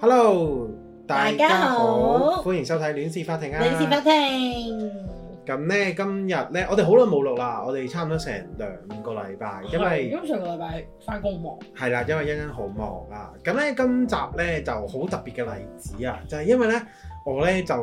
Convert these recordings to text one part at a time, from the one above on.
Hello，大家好，歡迎收睇《戀事法庭》啊！戀事法庭，咁呢今日呢，我哋好耐冇錄啦，我哋差唔多成兩個禮拜，因為、嗯、因為上個禮拜翻工好忙，係啦，因為欣欣好忙啊。咁呢今集呢，就好特別嘅例子啊，就係、是、因為呢。我呢就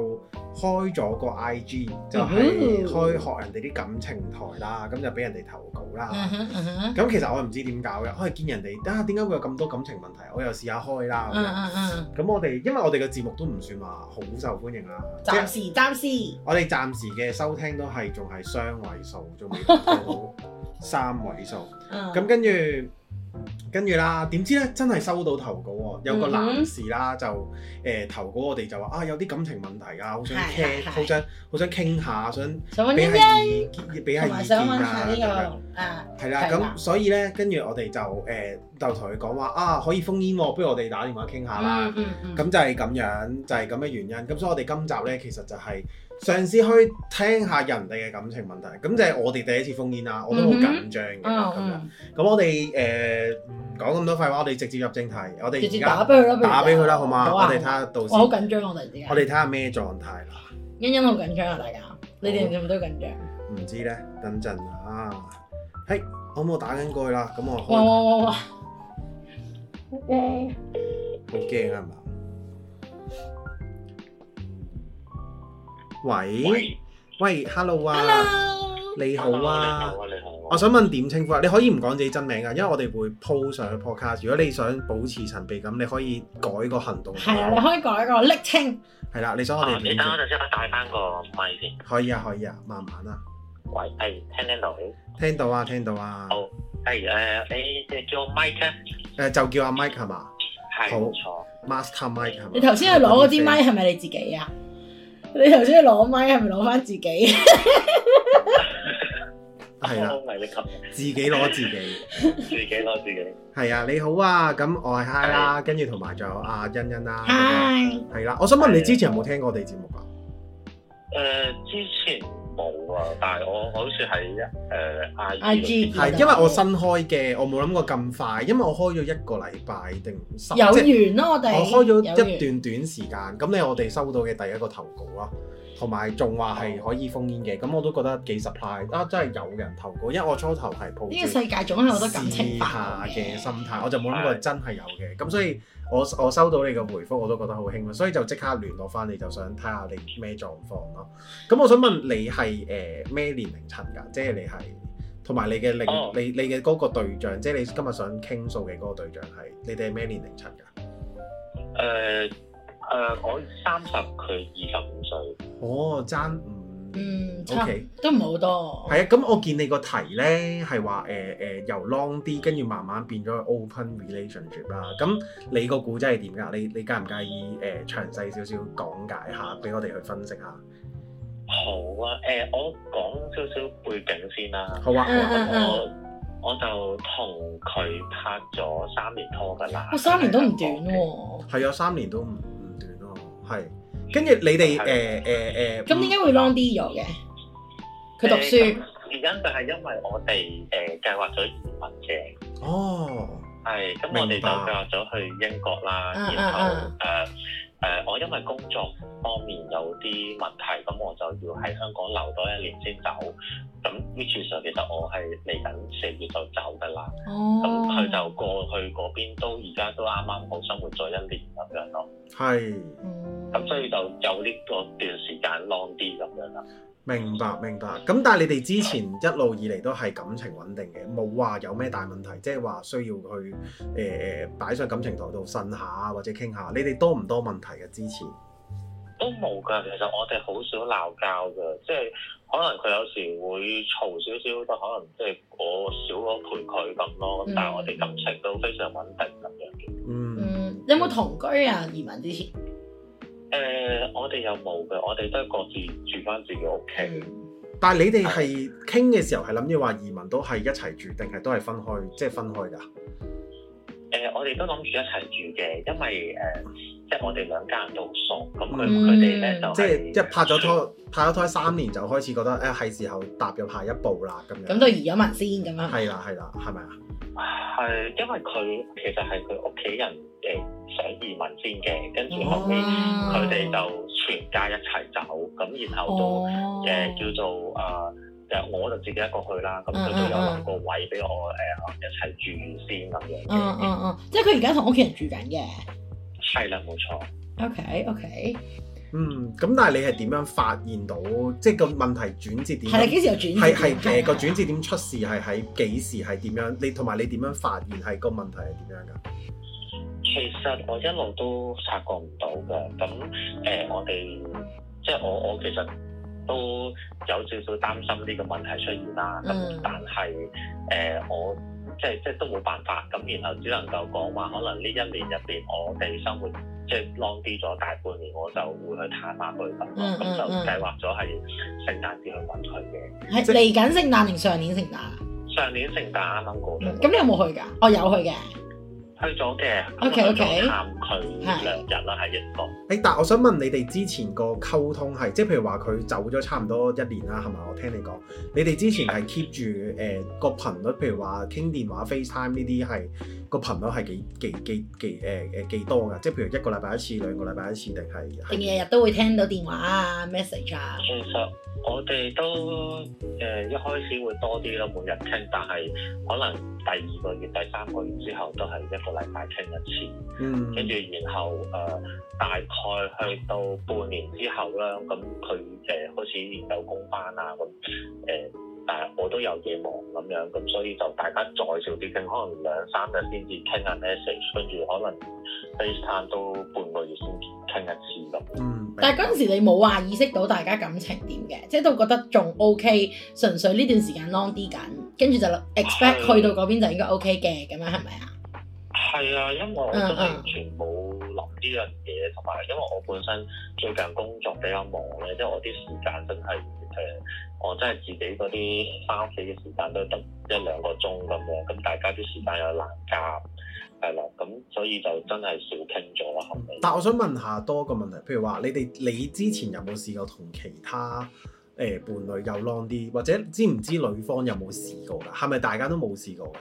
開咗個 IG，就係開學人哋啲感情台啦，咁就俾人哋投稿啦。咁、嗯嗯、其實我唔知點搞嘅，我係見人哋，啊點解會有咁多感情問題？我又試下開啦。咁、嗯嗯嗯、我哋因為我哋嘅節目都唔算話好受歡迎啦。暫時暫時。我哋暫時嘅收聽都係仲係雙位數，仲未到三位數。咁、嗯、跟住。跟住啦，點知咧真係收到投稿喎，有個男士啦就誒、呃、投稿我，我哋就話啊有啲感情問題啊，好、嗯、想傾，好的想好的想傾下，想俾下意，俾下意見啊，咁樣啊，係啦，咁所以咧，呃、跟住我哋就誒就同佢講話啊，可以封煙喎、啊，不如我哋打電話傾下啦，咁、嗯嗯、就係咁樣，就係咁嘅原因。咁所以我哋今集咧其實就係、是。嘗試去聽下人哋嘅感情問題，咁就係我哋第一次烽煙啦，我都好緊張嘅咁、嗯嗯、樣。咁我哋誒唔講咁多廢話，我哋直接入正題。我哋而家打俾佢啦，好嘛？好啊、我哋睇下到時。我好緊張，我哋我哋睇下咩狀態啦。欣欣好緊張啊，大家，你哋有冇都知緊張？唔、嗯、知咧，等陣啊！嘿，可唔可打緊過去啦？咁我。喂、哦。好驚啊嘛。喂喂，Hello 啊，你好啊，你好啊，你好。我想問點稱呼啊？你可以唔講自己真名啊，因為我哋會鋪上去 Podcast。如果你想保持神秘感，你可以改個行動。係啊，你可以改個昵稱。係啦，你想我哋？唔得，我就先帶翻個麥先。可以啊，可以啊，慢慢啊。喂，係聽，聽到？聽到啊，聽到啊。好，係，誒，你叫 Mike？誒，就叫阿 Mike 係嘛？係，好，Master Mike 係嘛？你頭先係攞嗰支麥係咪你自己啊？你頭先攞咪係咪攞翻自己？係 啦、 啊，自己攞自己， 自己攞自己。係啊，你好啊，咁我係嗨啦，Hi 跟住同埋仲有阿、啊、欣欣啦、啊，Hi，係啦、啊。我想問你之前有冇聽過我哋節目啊？誒，uh，之前。冇啊，但係我好似喺一誒 I G，係因為我新開嘅，我冇諗過咁快，因為我開咗一個禮拜定十，有緣咯我哋。我開咗一段短時間，咁緣你我哋收到嘅第一個投稿啦，同埋仲話係可以烽煙嘅，咁我都覺得幾十快啊！真係有人投稿，因為我初頭係抱住呢個世界總係好多感情化嘅心態，我就冇諗過真係有嘅，咁的所以。我我收到你嘅回覆，我都覺得好興奮，所以就即刻聯絡翻你就想睇下你咩狀況咯。咁我想問你係誒咩年齡層㗎？即係你係同埋你嘅另、哦、你你嘅嗰個對象，即係你今日想傾訴嘅嗰個對象係你哋係咩年齡層㗎？誒誒、呃呃，我三十，佢二十五歲。哦，爭。嗯，OK，都唔好多。係 Okay. 啊，咁我見你個題咧係話誒誒由 long 啲，跟住慢慢變咗 open relationship 啦。咁你個故仔係點噶？你你介唔介意誒詳細少少講解下俾我哋去分析下？好啊，誒、呃、我講少少背景先啦。好啊，啊我我我就同佢拍咗三年拖噶啦。哇，三年都唔短喎、啊。係啊，三年都唔唔短咯、啊，係、啊。跟住你哋誒誒誒，咁點解會 long 啲咗嘅？佢讀書原因就係因為我哋誒計劃咗移民嘅。哦，係，咁我哋就計劃咗去英國啦，然後誒。誒、呃，我因為工作方面有啲問題，咁我就要喺香港留多一年先走。咁呢次上其實我係嚟緊四月就走噶啦。哦。咁佢就過去嗰邊都都剛剛，都而家都啱啱好生活咗一年咁樣咯。係。嗯。咁所以就有呢個段時間 long 啲咁樣啦。明白明白，咁但係你哋之前一路以嚟都係感情穩定嘅，冇話有咩大問題，即係話需要去誒、呃、擺上感情台度呻下或者傾下。你哋多唔多問題嘅，之前？都冇㗎，其實我哋好少鬧交㗎，即係可能佢有時會嘈少少，都可能即係我少咗陪佢咁咯。嗯、但係我哋感情都非常穩定咁樣嘅。嗯，嗯有冇同居啊？移民之前？誒、呃，我哋又冇嘅，我哋都各自住返自己屋企、嗯。但係你哋係傾嘅時候係諗住話移民都係一齊住，定係都係分開，即、就、係、是、分開㗎？誒，我哋都諗住一齊住嘅，因為誒、呃，即係我哋兩家人都好熟，咁佢佢哋咧就是、即係即係拍咗拖，拍咗拖三年就開始覺得誒係、呃、時候踏入下一步啦，咁樣。咁就移咗民先，咁樣。係啦，係啦，係咪啊？係，因為佢其實係佢屋企人誒想移民先嘅，跟住後尾佢哋就全家一齊走，咁然後就誒、哦呃、叫做啊。呃我就自己一個去啦，咁佢就有個位俾我誒一齊住先咁樣嘅。嗯嗯，即係佢而家同屋企人住緊嘅。係啦，冇錯。OK OK。嗯，咁但係你係點樣發現到即係個問題轉折點？係啦，幾時又轉？係係誒個轉折點出事係喺幾時？係點樣？你同埋你點樣發現係個問題係點樣㗎？其實我一路都察覺唔到㗎，咁誒我哋即係我我其實。都有少少擔心呢個問題出現啦，咁、嗯、但係誒、呃、我即係即係都冇辦法，咁然後只能夠講話可能呢一年入邊我哋生活即係 long D 咗大半年，我就會去探下佢咁咯，咁、嗯嗯嗯、就計劃咗係聖誕節去揾佢嘅。係嚟緊聖誕定上年聖誕？上年聖誕啱啱過咗、嗯。咁你有冇去㗎？我有去嘅。Oh, 去咗嘅，咁啊就探佢兩日啦，喺英國。誒，但係我想問你哋之前個溝通係，即係譬如話佢走咗差唔多一年啦，係咪？我聽你講，你哋之前係 keep 住誒個頻率，譬如話傾電話、FaceTime 呢啲係個頻率係幾幾幾幾誒誒、呃、幾多㗎？即係譬如一個禮拜一次、兩個禮拜一次定係定日日都會聽到電話啊、message 啊？其實我哋都誒、呃、一開始會多啲咯，每日傾，但係可能第二個月、第三個月之後都係一嚟大傾一次，跟住，嗯、然後誒、呃、大概去到半年之後啦，咁佢誒開始研究工班啊咁誒、嗯呃，但係我都有嘢忙咁樣咁、嗯，所以就大家再少啲傾，可能兩三日先至傾緊 message，跟住可能 FaceTime 都半個月先傾一次咁。嗯，嗯但係嗰陣時你冇話意識到大家感情點嘅，即係都覺得仲 O K，純粹呢段時間 long 啲緊，跟住就 expect 是去到嗰邊就應該 O K 嘅咁樣係咪啊？係啊，因為我真係完全冇諗呢樣嘢，同埋因為我本身最近工作比較忙咧，即係我啲時間真係誒、呃，我真係自己嗰啲三四嘅時間都得一兩個鐘咁樣，咁大家啲時間又難夾，係啦、啊，咁所以就真係少傾咗啦。但係我想問下多個問題，譬如話你哋你之前有冇試過同其他誒伴侶有 long 啲，或者知唔知女方有冇試過㗎？係咪大家都冇試過㗎？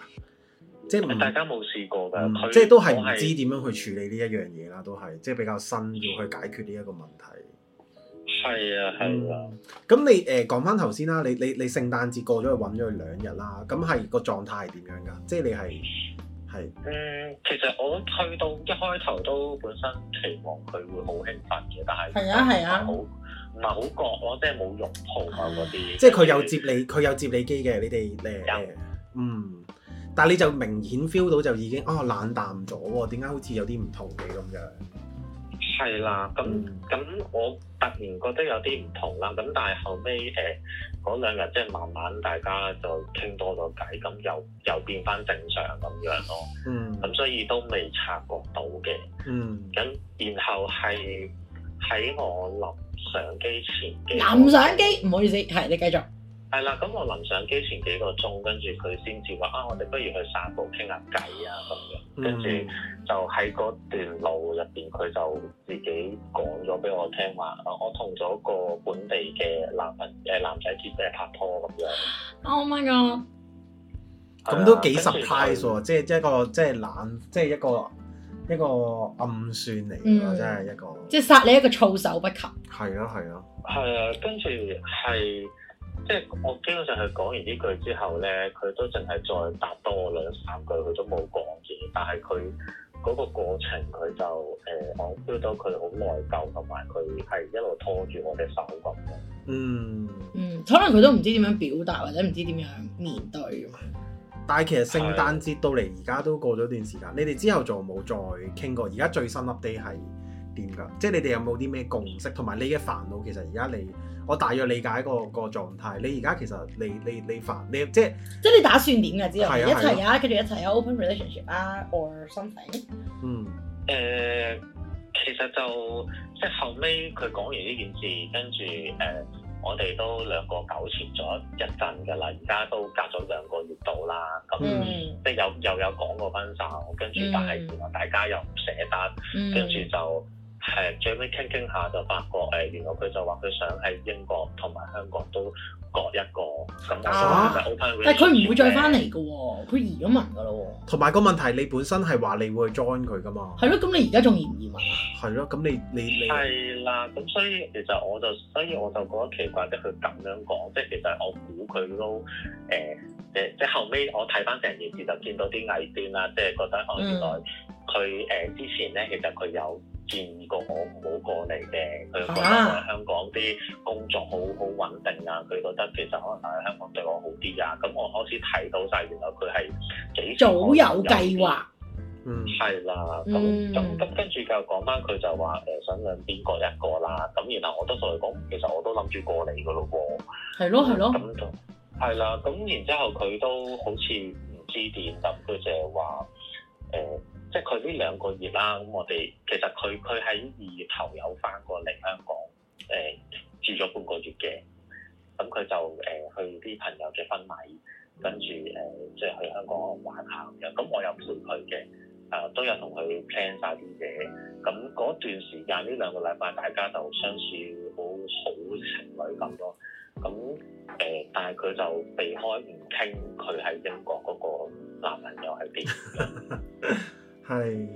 即係大家冇試過噶，即係都係唔知點樣去處理呢一樣嘢啦，都係即係比較新要去解決呢一個問題。係啊係啊。咁你誒講返頭先啦，你你你聖誕節過咗去搵咗佢兩日啦，咁係個狀態係點樣噶？即係你係係。嗯，其實我去到一開頭都本身期望佢會好興奮嘅，但係，係啊係啊，唔係好唔係好覺啊，即係冇用途啊嗰啲。即係佢有接你，佢有接你機嘅，你哋誒嗯。但係你就明顯 feel 到就已經哦冷淡咗喎，點解好似有啲唔同嘅咁樣？係啦，咁咁、嗯、我突然覺得有啲唔同啦，咁但係後尾，誒、呃、嗰兩日即係慢慢大家就傾多咗偈，咁又又變翻正常咁樣咯。嗯，咁所以都未察覺到嘅。嗯，咁然後係喺我臨相機上前嘅臨上機，唔好意思，係你繼續。係啦，咁我臨上機前幾個鐘，跟住佢先至話啊，我哋不如去散步傾下偈啊，咁樣，跟住就喺嗰段路入邊，佢就自己講咗俾我聽話，我同咗個本地嘅男朋誒、男仔接姐拍拖咁樣。Oh my god！咁都幾十 ties 喎，即係一個即係冷，即係一個一個暗算嚟嘅，真係一個。即係殺你一個措手不及。係啊，係咯。係啊，跟住係。 即係我基本上佢講完呢句之後咧，佢都淨係再答多我兩三句，佢都冇講嘢。但係佢嗰個過程，佢、呃、就我 feel 到佢好內疚，同埋佢係一路拖住我嘅手咁嘅。嗯嗯，可能佢都唔知點樣表達，或者唔知點樣面對。嗯、但係其實聖誕節到嚟而家都過咗一段時間，的你哋之後仲冇再傾過？而家最新 update 係？即係你哋有冇啲咩共識？同埋你嘅煩惱，其實而家你我大約理解個個狀態。你而家其實你你你煩你即係即係你打算點㗎？之後一齊啊，跟住一齊有 open relationship 啊，or something？嗯誒、呃，其實就即係後尾佢講完呢件事，跟住誒，我哋都兩個糾纏咗一陣嘅啦。而家都隔咗兩個月度啦，咁、嗯、即係又又有講過分手，跟住但係原來大家又唔捨得，跟住、嗯、就。誒最尾傾傾下就發覺誒原來佢就話佢想喺英國同埋香港都各一個咁、啊嗯、但係佢唔會再翻嚟嘅喎，佢、嗯、移咗民㗎啦喎。同埋個問題，你本身係話你會去 join 佢㗎嘛？係咯，咁你而家仲移唔移民啊？係咯，咁你你你係啦。咁所以其實我就所以我就覺得奇怪嘅。佢咁樣講，即係其實我估佢都誒誒，即係後尾我睇翻成件事就見到啲偽端啦，即係覺得哦原來佢誒之前咧其實佢有。建議過我唔好過嚟嘅，佢覺得香港啲工作好好穩定啊，佢覺得其實可能留喺香港對我好啲呀。咁我我開始提到晒，原來佢係幾早有計劃，的嗯，係啦、嗯，咁咁咁跟住佢又講翻，佢就話誒想兩邊各一個啦。咁然後我都同佢講，其實我都諗住過嚟噶咯喎。係咯係咯。咁係啦，咁的然之後佢都好似唔知點諗，佢就係話誒。呃即係佢呢兩個月啦，咁我哋其實佢佢喺二月頭有翻過嚟香港，誒、呃、住咗半個月嘅，咁佢就誒、呃、去啲朋友嘅婚禮，跟住誒即係去香港玩下咁樣，咁、嗯、我又陪佢嘅，啊、呃、都有同佢 plan 曬啲嘢，咁嗰段時間呢兩個禮拜大家就相處好好情侶咁咯，咁、嗯、誒、呃、但係佢就避開唔傾佢喺英國嗰個男朋友喺邊。嗯 係，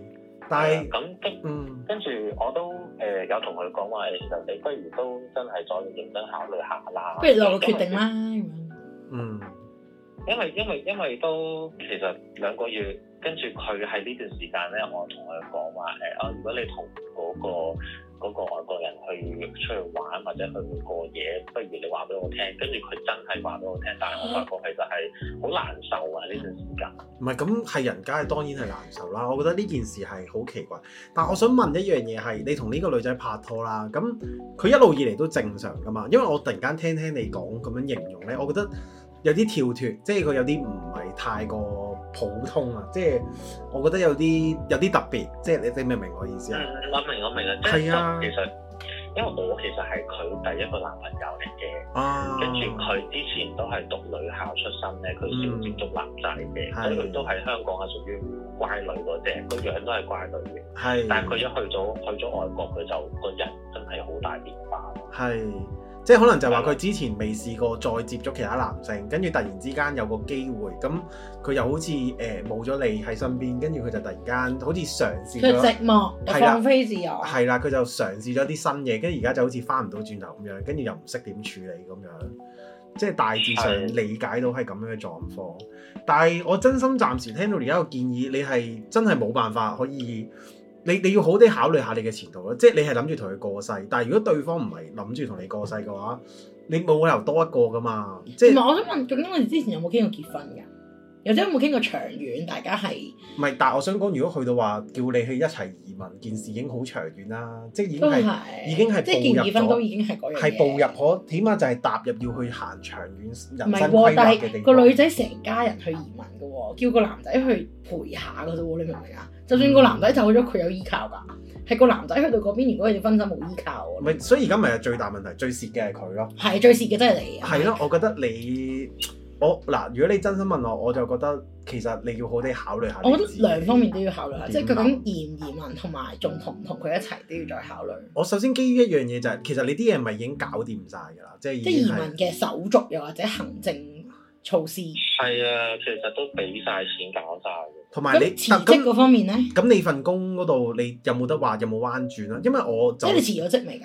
但係咁激。嗯，嗯跟住我都誒、呃、有同佢講話，誒其實你不如都真係再認真考慮下啦，不如落個決定啦嗯，因為因為因為都其實兩個月，跟住佢喺呢段時間咧，我同佢講話誒，哦、呃，如果你同嗰、嗰個。嗯嗰個外國人去出去玩或者去過夜，不如你話俾我聽。跟住佢真係話俾我聽，但係我發覺其實係好難受啊！呢段時間。唔係，咁係人家當然係難受啦。我覺得呢件事係好奇怪。但係我想問一樣嘢係，你同呢個女仔拍拖啦，咁佢一路以嚟都正常噶嘛？因為我突然間聽聽你講咁樣形容咧，我覺得。有啲跳脫，即係佢有啲唔係太過普通啊！即係我覺得有啲有啲特別，即係你你明唔明我意思啊？嗯，我明我明啊。即係其實因為我其實係佢第一個男朋友嚟嘅，跟住佢之前都係讀女校出身咧，佢少接觸男仔嘅，佢、嗯、都係香港係屬於乖女嗰隻，個樣都係乖女嘅，是但係佢一去咗去咗外國，佢就個人真係好大變化。係。即係可能就係話佢之前未試過再接觸其他男性，跟住突然之間有個機會，咁佢又好似誒冇咗你喺身邊，跟住佢就突然間好似嘗試咗寂寞，了放飛自我。係啦，佢就嘗試咗啲新嘢，跟住而家就好似翻唔到轉頭咁樣，跟住又唔識點處理咁樣。即係大致上理解到係咁樣嘅狀況，的但係我真心暫時聽到而家個建議，你係真係冇辦法可以。你你要好啲考慮下你嘅前途咯，即係你係諗住同佢過世，但係如果對方唔係諗住同你過世嘅話，你冇理由多一個噶嘛。即係唔係？我想問，究竟我哋之前有冇傾過結婚㗎？或者有冇傾過長遠？大家係唔係？但係我想講，如果去到話叫你去一齊移民，件事已經好長遠啦，即係已經係都係已經係步入咗，都已經係嗰樣嘢。係步入，我起碼就係踏入要去行長遠人生規劃嘅地方。啊，但個女仔成家人去移民嘅喎，係嘅。叫個男仔去陪下嘅啫喎，你明唔明啊？就算個男仔走咗，佢有依靠㗎。係個男仔去到嗰邊，如果佢哋分身冇依靠，唔係。所以而家咪係最大問題，嗯、最蝕嘅係佢咯。係最蝕嘅都係你。啊對。係咯是，我覺得你我嗱，如果你真心問我，我就覺得其實你要好啲考慮下。我覺得兩方面都要考慮下，樣即係究竟移唔移民同埋仲同唔同佢一齊都要再考慮。嗯、我首先基於一樣嘢就係、是，其實你啲嘢係咪已經搞掂晒㗎啦，即係。即係移民嘅手續又或者行政措施。係啊，其實都俾晒錢搞晒。同埋你辭職嗰方面咧？咁你份工嗰度，你有冇得話有冇彎轉咧？因為我就即係你辭咗職未㗎？誒、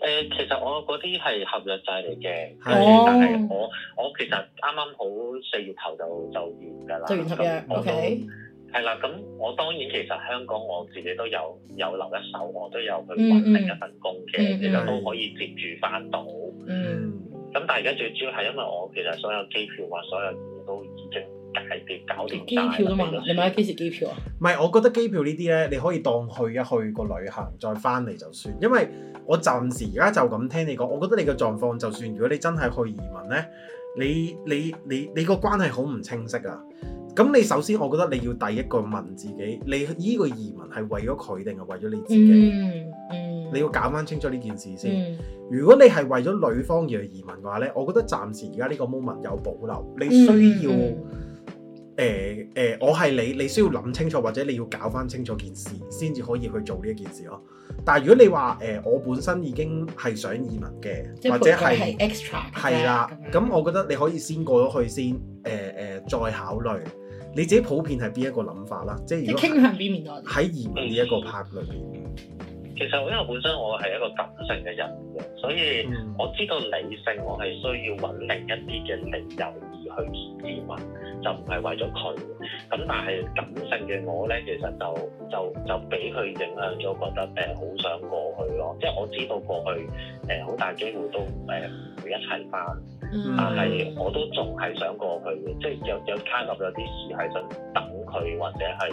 呃，其實我嗰啲係合約制嚟嘅，是哦、但係我我其實啱啱好四月頭就就完㗎啦。就完 OK。係啦，咁我當然其實香港我自己都有有留一手，我都有去搵另一份工嘅，嗯、其實都可以接住翻到。嗯。咁但係而家最主要係因為我其實所有機票或所有嘢都已經。係要搞掂。機票都問㗎，你買幾時機票啊？唔 係，我覺得機票呢啲呢，你可以當去一去個旅行，再翻嚟就算。因為我暫時而家就咁聽你講，我覺得你嘅狀況就算，如果你真係去移民呢，你你你你個關係好唔清晰啊！咁你首先，我覺得你要第一個問自己，你呢個移民係為咗佢定係為咗你自己？嗯嗯、你要搞翻清楚呢件事先。嗯、如果你係為咗女方而去移民嘅話呢，我覺得暫時而家呢個 moment 有保留，你需要、嗯。嗯嗯誒誒、呃呃，我係你，你需要諗清楚，或者你要搞返清楚件事，先至可以去做呢一件事咯。但係如果你話誒、呃，我本身已經係想移民嘅，是或者係係啦，咁我覺得你可以先過咗去先，誒、呃、誒、呃，再考慮你自己普遍係邊一個諗法啦。即係如果傾向邊面多？喺移民呢一個 part 裏面。嗯其實因為本身我係一個感性嘅人嘅，所以我知道理性我係需要揾另一啲嘅理由而去自問，就唔係為咗佢。咁但係感性嘅我咧，其實就就就俾佢影響咗，覺得誒好、呃、想過去咯。即係我知道過去誒好、呃、大機會都誒唔、呃、會一齊翻，嗯、但係我都仲係想過去嘅。即係有有卡落有啲事係想等佢或者係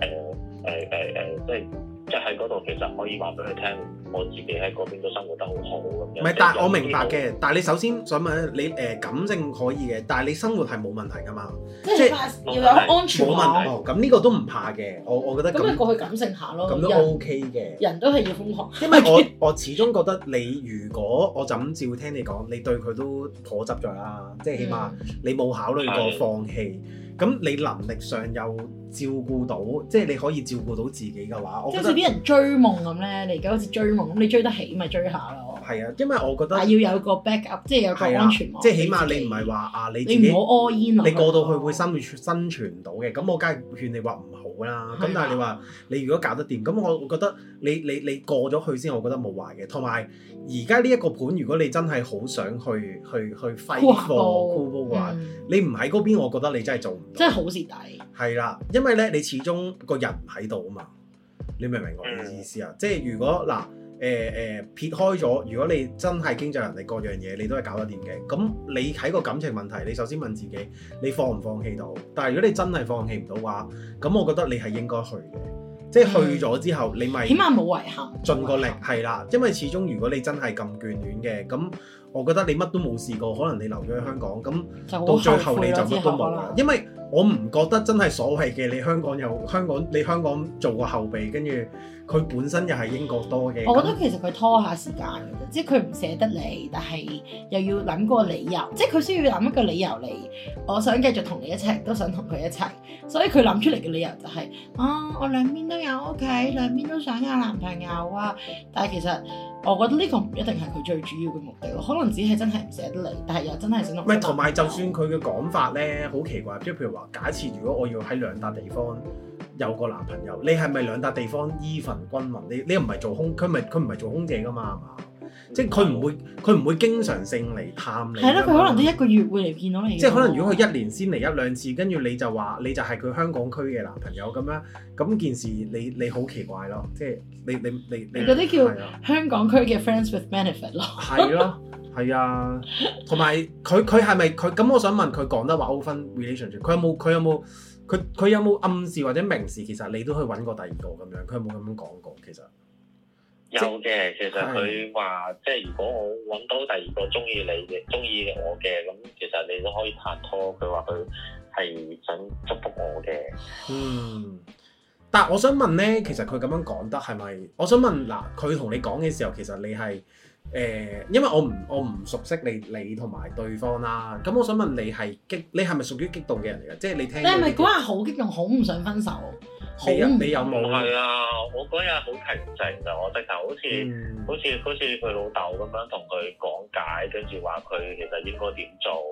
誒誒誒誒，即係。即係嗰度，其實可以話俾你聽，我自己喺嗰邊都生活得好好咁。唔係，但係我明白嘅。但係你首先想問，你誒、呃、感情可以嘅，但係你生活係冇問題噶嘛？即係要有安全冇問題。咁呢、哦、個都唔怕嘅，我我覺得。咁咪過去感情下咯。咁都 OK 嘅。人都係要瘋狂。因為我我始終覺得你，如果我就咁照聽你講，你對佢都頗執著啦。即係起碼你冇考慮過放棄。咁你能力上又照顧到，即係你可以照顧到自己嘅話，即係似啲人追夢咁咧，你而家好似追夢，咁，你追得起咪追下咯？係啊，因為我覺得，係要有個 backup，即係有個安全網、啊，即係起碼你唔係話啊，你自己你唔好 all in，你過到去會生會生存到嘅。咁、啊、我梗係勸你話唔好。啦，咁但係你話你如果搞得掂，咁我我覺得你你你過咗去先，我覺得冇壞嘅。同埋而家呢一個盤，如果你真係好想去去去揮貨，酷波嘅話，嗯、你唔喺嗰邊，我覺得你真係做唔到。真係好蝕底。係啦，因為咧，你始終個人唔喺度啊嘛，你明唔明我嘅意思啊？嗯、即係如果嗱。誒誒、呃呃、撇開咗，如果你真係經濟能力各樣嘢，你都係搞得掂嘅。咁你喺個感情問題，你首先問自己，你放唔放棄到？但係如果你真係放棄唔到話，咁我覺得你係應該去嘅。即係去咗之後，嗯、你咪，起碼冇遺憾，盡個力係啦。因為始終如果你真係咁眷戀嘅，咁我覺得你乜都冇試過，可能你留咗喺香港，咁到最後你就乜都冇啦。因為我唔覺得真係所謂嘅你香港有香港，你香港做個後備，跟住。佢本身又係英國多嘅，我覺得其實佢拖下時間㗎啫，即係佢唔捨得你，但係又要諗個理由，即係佢需要諗一個理由嚟。我想繼續同你一齊，都想同佢一齊，所以佢諗出嚟嘅理由就係，啊，我兩邊都有屋企，兩邊都想有男朋友啊。但係其實我覺得呢個唔一定係佢最主要嘅目的咯，可能只係真係唔捨得你，但係又真係想同。咪同埋就算佢嘅講法咧，好奇怪，即係譬如話，假設如果我要喺兩笪地方，有個男朋友，你係咪兩笪地方依份均勻？你你又唔係做空，佢咪佢唔係做空姐㗎嘛？係嘛？ 即係佢唔會，佢唔會經常性嚟探你。係咯，佢 可能都一個月會嚟見到你。即係可能如果佢一年先嚟一兩次，跟住你就話，你就係佢香港區嘅男朋友咁樣，咁件事你你好奇怪咯。即係你你你 你嗰啲叫香港區嘅 friends with benefit 咯。係咯，係啊。同埋佢佢係咪佢咁？係係我想問佢講得話 open relationship，佢有冇佢有冇？佢佢有冇暗示或者明示，其實你都可以揾個第二個咁樣，佢有冇咁樣講過？其實有嘅，其實佢話係，即係如果我揾到第二個中意你嘅、中意我嘅，咁其實你都可以拍拖。佢話佢係想祝福我嘅。嗯，但我想問咧，其實佢咁樣講得係咪？我想問嗱，佢同你講嘅時候，其實你係。誒，因為我唔我唔熟悉你你同埋對方啦，咁我想問你係激你係咪屬於激動嘅人嚟嘅？即係你聽，你係咪嗰日好激動，好唔想分手，好你有冇？唔係啊，我嗰日好平靜嘅，我即係好似、嗯、好似好似佢老豆咁樣同佢講解，跟住話佢其實應該點做，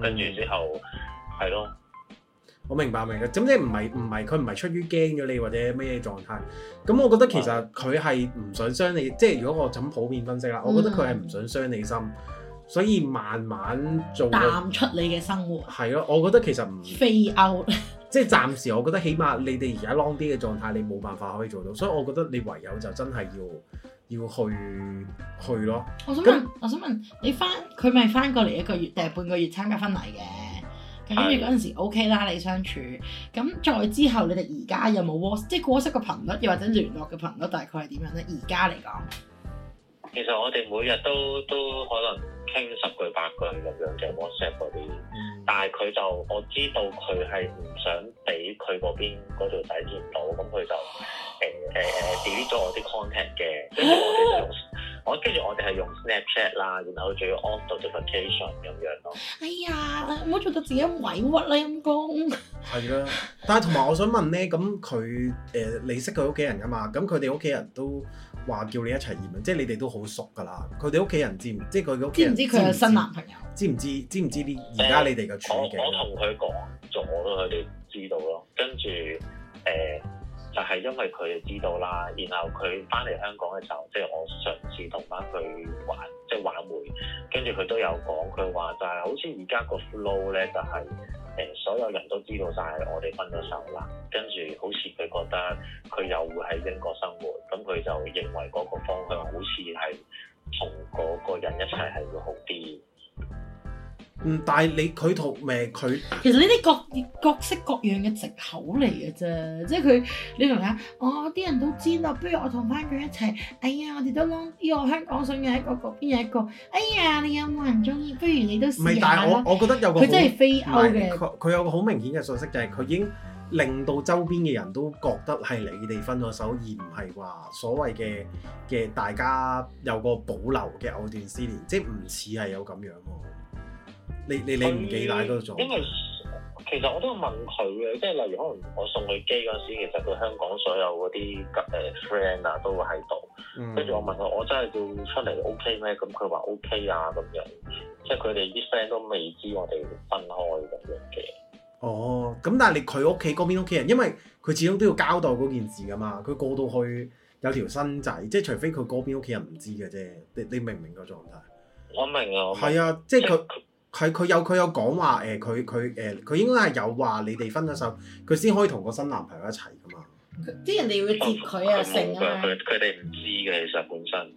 跟住之後係咯。我明白，明白。咁即唔係唔係佢唔係出於驚咗你或者咩狀態。咁我覺得其實佢係唔想傷你。哇即係如果我咁普遍分析啦，嗯、我覺得佢係唔想傷你心。所以慢慢做淡出你嘅生活。係咯，啊，我覺得其實唔 fade out 即係暫時，我覺得起碼你哋而家 long 啲嘅狀態，你冇辦法可以做到。所以我覺得你唯有就真係要要去去咯。我想問，那我想問你翻佢咪翻過嚟一個月定係半個月參加婚禮嘅？跟住嗰陣時 OK 啦，你相處。咁再之後，你有有，你哋而家有冇 WhatsApp？即係 WhatsApp 嘅頻率，又或者聯絡嘅頻率，大概係點樣咧？而家嚟講，其實我哋每日都都可能傾十句八句咁樣嘅 WhatsApp 嗰啲，但係佢就我知道佢係唔想俾佢嗰邊嗰條仔見到，咁佢就誒誒 delete 咗我啲 contact 嘅，跟住我哋就。呃呃呃 我跟住我哋係用 Snapchat 啦，然後仲要 on notification 咁樣咯。哎呀，我做到自己委屈啦，陰公。係啦， 但係同埋我想問咧，咁佢誒你識佢屋企人噶嘛？咁佢哋屋企人都話叫你一齊移民，即係你哋都好熟噶啦。佢哋屋企人知唔即係佢屋？知唔知佢有新男朋友？知唔知知唔知啲而家你哋嘅處境？呃、我同佢講咗咯，佢哋知道咯，跟住誒。呃就係因為佢知道啦，然後佢翻嚟香港嘅時候，即係我上次同翻佢玩，即係挽回，跟住佢都有講，佢話就係好似而家個 flow 咧，就係誒所有人都知道曬我哋分咗手啦，跟住好似佢覺得佢又會喺英國生活，咁佢就認為嗰個方向好似係同嗰個人一齊係會好啲。嗯，但係你佢同咪佢，其實呢啲各各式各樣嘅藉口嚟嘅啫，即係佢你明唔明啊？我、哦、啲人都知道，不如我同返佢一齊。哎呀，我哋都攞，依我香港想嘅一個，嗰邊有一個。哎呀，你有冇人鍾意？不如你都試下。唔係，但係我我覺得有個佢真係非歐嘅。佢有個好明顯嘅信息就係、是、佢已經令到周邊嘅人都覺得係你哋分咗手，而唔係話所謂嘅嘅大家有個保留嘅藕斷絲連，即係唔似係有咁樣喎。你你你唔記得嗰種？因為其實我都問佢嘅，即係例如可能我送去機嗰時，其實佢香港所有嗰啲誒 friend 啊都會喺度，跟住我問佢，我真係要出嚟 OK 咩？咁佢話 OK 啊咁樣，即係佢哋啲 friend 都未知我哋分開咁樣嘅。哦，咁但係你佢屋企嗰邊屋企人，因為佢始終都要交代嗰件事噶嘛，佢過到去有條新仔，即係除非佢嗰邊屋企人唔知嘅啫。你你明唔明個狀態？我明啊，係啊，即係佢。佢佢有佢有講話誒，佢佢誒佢應該係有話你哋分咗手，佢先可以同個新男朋友一齊噶嘛。即係人哋會接佢啊剩啊。佢哋唔知嘅其實本身。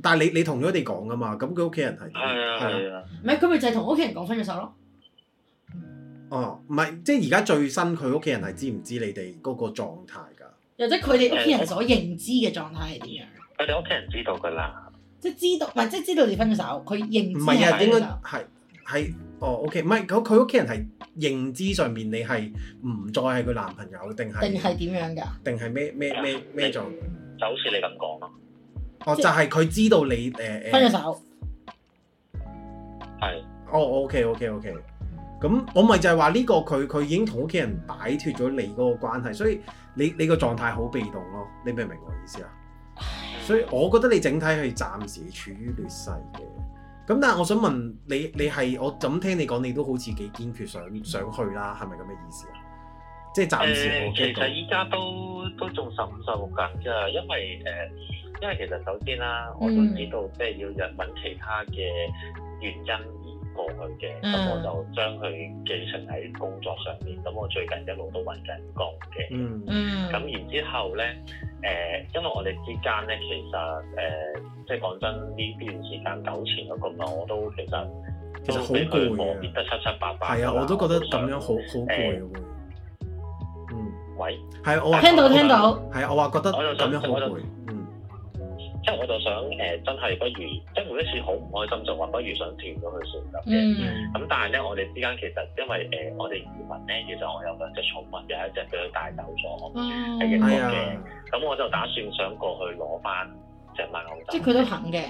但係你你同咗佢哋講噶嘛？咁佢屋企人係係啊係啊。唔係佢咪就係同屋企人講分咗手咯？哦，唔係，即係而家最新佢屋企人係知唔知你哋嗰個狀態㗎？又即佢哋屋企人所認知嘅狀態係點樣？佢哋屋企人知道㗎啦。即係知道，唔係即係知道你分咗手，佢認知唔係啊？應該係係哦，OK，唔係佢屋企人係認知上面你係唔再係佢男朋友定係定係點樣㗎？定係咩咩咩咩做？就好似你咁講咯。哦，就係、係、佢知道你誒誒、呃、分咗手。係、哦。哦、okay，OK，OK，OK、okay, okay。咁我咪就係話呢個佢佢已經同屋企人擺脫咗你嗰個關係，所以你你個狀態好被動咯。你明唔明我意思啊？所以我覺得你整體係暫時處於劣勢嘅，咁但係我想問你，你係我咁聽你講，你都好似幾堅決想想去啦，係咪咁嘅意思啊？即係暫時我、欸、其實依家都都仲十五十六緊㗎，因為誒、呃，因為其實首先啦，我都知道、嗯、即係要日揾其他嘅原因。過去嘅，咁我就將佢寄存喺工作上面。咁我最近一路都揾緊工嘅。嗯，咁、嗯嗯、然之後咧，誒，因為我哋之間咧，其實誒，即係講真，呢段時間久前嗰、嗰個問我都其實都俾佢磨變得七七八八,八。係啊，我都覺得咁樣好好攰嗯。喂。係啊，我話聽到聽到。係啊，我話覺得咁樣好攰。即係我就想誒、呃，真係不如，即係每一次好唔開心，就話不如想斷咗佢算咁嘅。咁、嗯、但係咧，我哋之間其實因為誒、呃，我哋移民咧，其實我有兩隻寵物，有一隻俾佢帶走咗，係英國嘅。咁我就打算想過去攞翻隻貓。即係佢都肯嘅。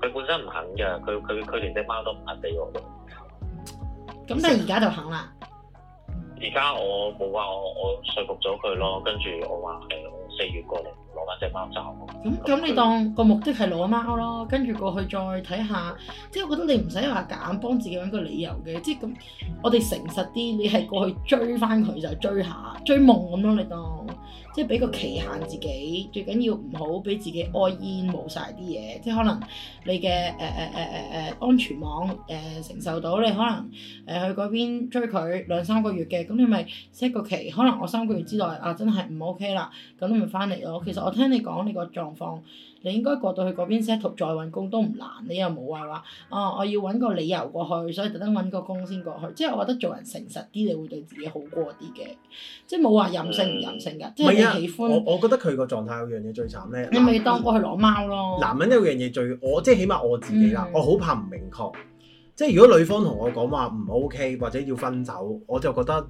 佢、嗯、本身唔肯嘅，佢佢佢連隻貓都唔肯俾我。咁但係而家就肯啦。而家我冇話我，我說服咗佢咯。跟住我話誒，我、嗯、四、嗯、月過嚟。攞翻隻貓走咯。咁咁，你當個目的係攞貓咯，跟住過去再睇下。即係我覺得你唔使話夾硬幫自己揾個理由嘅。即係咁，我哋誠實啲，你係過去追翻佢就追下，追夢咁咯。你當即係俾個期限自己，最緊要唔好俾自己 all in 冇晒啲嘢。即係可能你嘅誒誒誒誒誒安全網誒、呃、承受到，你可能誒、呃、去嗰邊追佢兩三個月嘅，咁你咪 set 個期。可能我三個月之內啊，真係唔 OK 啦，咁你咪翻嚟咯。其實。我聽你講你個狀況，你應該過到去嗰邊先，再揾工都唔難。你又冇話話，哦，我要揾個理由過去，所以特登揾個工先過去。即係我覺得做人誠實啲，你會對自己好過啲嘅。即係冇話任性唔任性㗎。嗯、即係你喜歡、嗯、我，我覺得佢個狀態有樣嘢最慘咧。你咪當我去攞貓咯。男人 有樣嘢最我即係起碼我自己啦，我好怕唔明確。嗯、即係如果女方同我講話唔 OK 或者要分手，我就覺得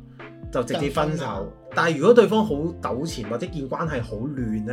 就直接分手。但係如果對方好糾纏或者見關係好亂呢，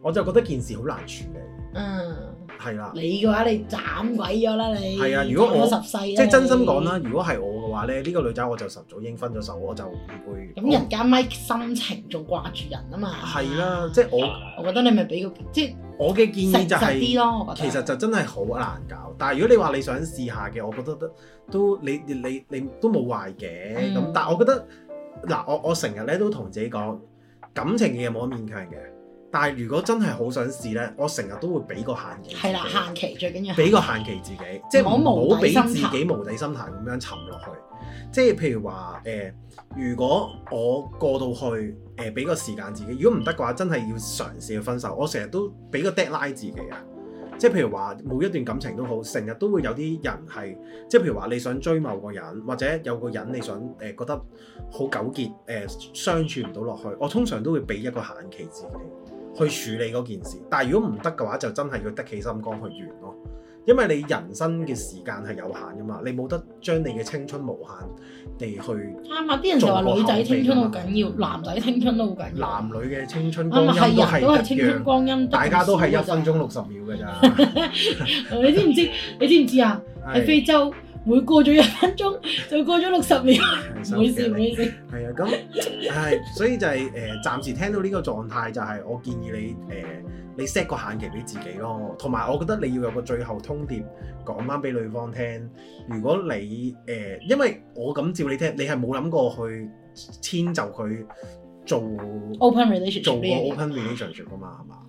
我就覺得件事好難處理。嗯，係啦的。你嘅話你斬鬼咗啦你。係啊，如果我十世即係真心講啦，如果係我嘅話呢，呢、呢個女仔我就晨早已經分咗手，我就唔會。咁人家咪我心情仲掛住人啊嘛。係啦，即係我。我覺得你咪俾個即係我嘅建議就係。其實就真係好難搞，但係如果你話你想試下嘅，我覺得都都你你你，你，你，你都冇壞嘅咁，嗯、但我覺得但。嗱，我我成日咧都同自己講，感情嘅嘢冇得勉強嘅。但係如果真係好想試呢，我成日都會俾個限期。係啦，限期最緊要。俾個限期自己，即係唔好俾自己無底深潭咁樣沉落去。即係譬如話誒、呃，如果我過到去誒俾、呃、個時間自己，如果唔得嘅話，真係要嘗試去分手。我成日都俾個 deadline 自己啊。即係譬如話每一段感情都好，成日都會有啲人係即係譬如話你想追某個人，或者有個人你想誒、呃、覺得好糾結誒、呃、相處唔到落去，我通常都會俾一個限期自己去處理嗰件事。但係如果唔得嘅話，就真係要得起心肝去完。因為你人生嘅時間係有限噶嘛，你冇得將你嘅青春無限地去、嗯。啱啊！啲人就話女仔青春好緊要，嗯、男仔青春都好緊要。男女嘅青春光陰都係一樣，嗯啊、青春光陰大家都係一分鐘六十秒嘅咋。 你知唔知？你知唔知啊？喺非洲。每過咗一分鐘，就過咗六十秒。唔好意思，唔好意思。係啊，咁係， 所以就係、是、誒、呃，暫時聽到呢個狀態，就係、是、我建議你誒、呃，你 set 個限期俾自己咯。同埋，我覺得你要有個最後通牒講翻俾對方聽。如果你誒、呃，因為我咁照你聽，你係冇諗過去遷就佢做 open relationship 做過 open relationship 㗎嘛 really.、啊，係嘛？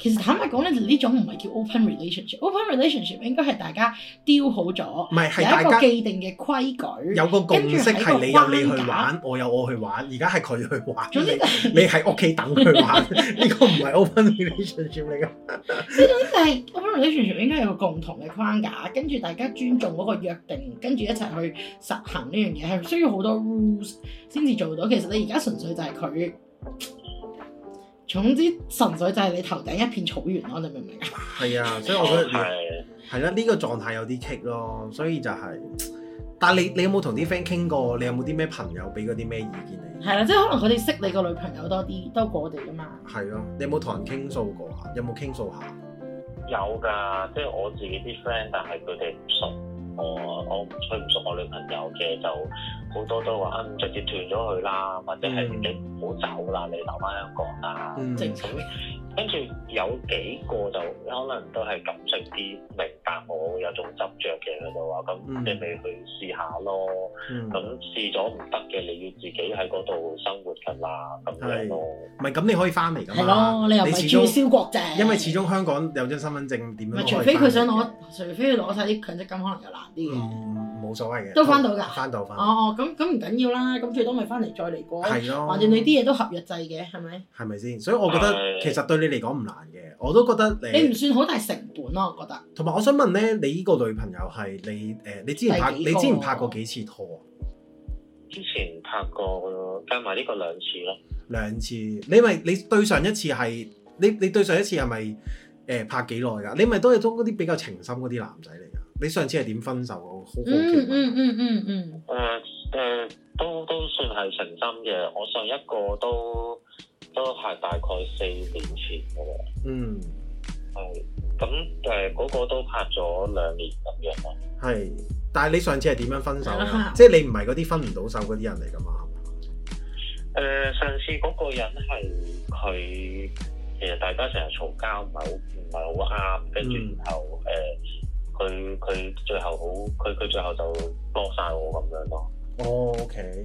其實坦白講咧，呢種唔係叫 open relationship。open relationship 應該係大家雕好咗，是有一個既定嘅規矩，有個共識係你有你去玩，我有我去玩。而家係佢去玩，總之使，你喺屋企等佢玩，呢 個唔係 open relationship 嚟噶。呢種係 open relationship 應該有個共同嘅框架，跟住大家尊重嗰個約定，跟住一齊去實行呢樣嘢，係需要好多 rules 先至做到。其實你而家純粹就係佢。總之，純粹就係你頭頂一片草原咯，你明唔明？係啊，所以我覺得係係啦，呢、 啊呢個狀態有啲棘咯，所以就係、是。但係你你有冇同啲 friend 傾過？你有冇啲咩朋友俾嗰啲咩意見你？係啦、啊，即係可能佢哋識你個女朋友多啲，多過我哋啊嘛。係咯、啊，你有冇同人傾訴過啊？有冇傾訴下？有㗎，即、就、係、是、我自己啲 friend，但係佢哋唔熟。我我唔吹唔熟我女朋友嘅，就好多都話啊、嗯、直接斷咗佢啦，或者係、嗯、你唔好走啦，你留翻香港啊。嗯，咁跟住有幾個就可能都係感性啲明。一種執着嘅，佢就話咁，你咪去試下咯。咁試咗唔得嘅，你要自己喺嗰度生活噶啦。咁樣，唔係咁你可以翻嚟噶嘛？你又唔係取消國籍？因為始終香港有張身份證點樣都可以翻。除非佢想攞，除非佢攞晒啲強積金，可能又難啲嘅。冇、嗯、所謂嘅，都翻到噶，翻到翻。哦哦，咁咁唔緊要啦。咁最多咪翻嚟再嚟過，反正的你啲嘢都合約制嘅，係咪？係咪先？所以我覺得其實對你嚟講唔難嘅。我都覺得你唔算好大成本咯、啊，我覺得。同埋我想問咧，你呢個女朋友係你誒、呃？你之前拍你之前拍過幾次拖？之前拍過加埋呢個兩次咯。兩次，你咪你對上一次係你你對上一次係咪誒拍幾耐㗎？你咪都係通嗰啲比較情深嗰啲男仔嚟㗎？你上次係點分手？好好奇。嗯嗯嗯嗯嗯。誒、嗯嗯呃呃、都都算係誠心嘅。我上一個都。都係大概四年前嘅喎。嗯，係咁誒，嗰、呃嗰個都拍咗兩年咁樣咯。係，但係你上次係點樣分手？ 即係你唔係嗰啲分唔到手嗰啲人嚟噶嘛？誒、呃，上次嗰個人係佢，其實大家成日嘈交，唔係好唔係好啱，跟住、嗯、然後誒，佢、呃、佢最後好，佢佢最後就幫晒我咁樣咯。哦、o、okay, K，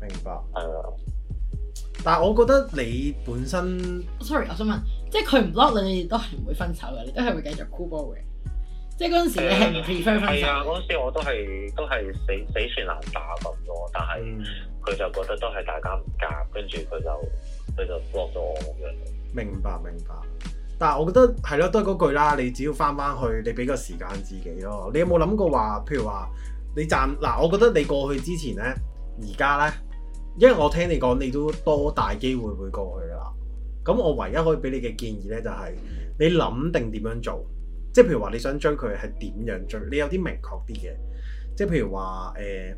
明白。係啊、呃。但係我覺得你本身，sorry，我想問，即係佢唔 lock 你，你都係唔會分手嘅，你都係會繼續箍煲嘅。即係嗰陣時咧，係啊，嗰陣時我都係都係死死算難打咁咯。但係佢就覺得都係大家唔夾，跟住佢就佢就 lock 咗我咁樣。明白明白，但係我覺得係咯，都係嗰句啦。你只要翻翻去，你俾個時間自己咯。你有冇諗過話，譬如話你賺嗱？我覺得你過去之前咧，而家咧。因為我聽你講，你都多大機會會過去啦。咁我唯一可以俾你嘅建議咧、就係，就係你諗定點樣做。即係譬如話，你想追佢係點樣追？你有啲明確啲嘅。即係譬如話，誒、呃、誒、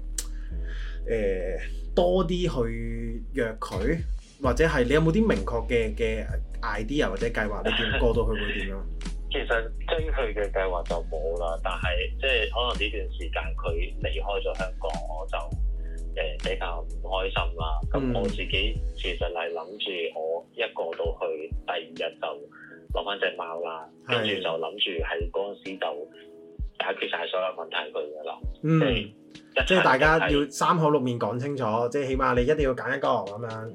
呃、多啲去約佢，或者係你有冇啲明確嘅嘅 idea 或者計劃？你點過到去會點樣？ 其實追佢嘅計劃就冇啦，但係即係可能呢段時間佢離開咗香港，我就。誒比較唔開心啦，咁我自己其實係諗住我一過到去第二日就攞返隻貓啦，是跟住就諗住喺嗰陣時就解決晒所有問題佢嘅啦。嗯，即係大家要三口六面講清楚，即係、嗯、起碼你一定要揀一個咁樣。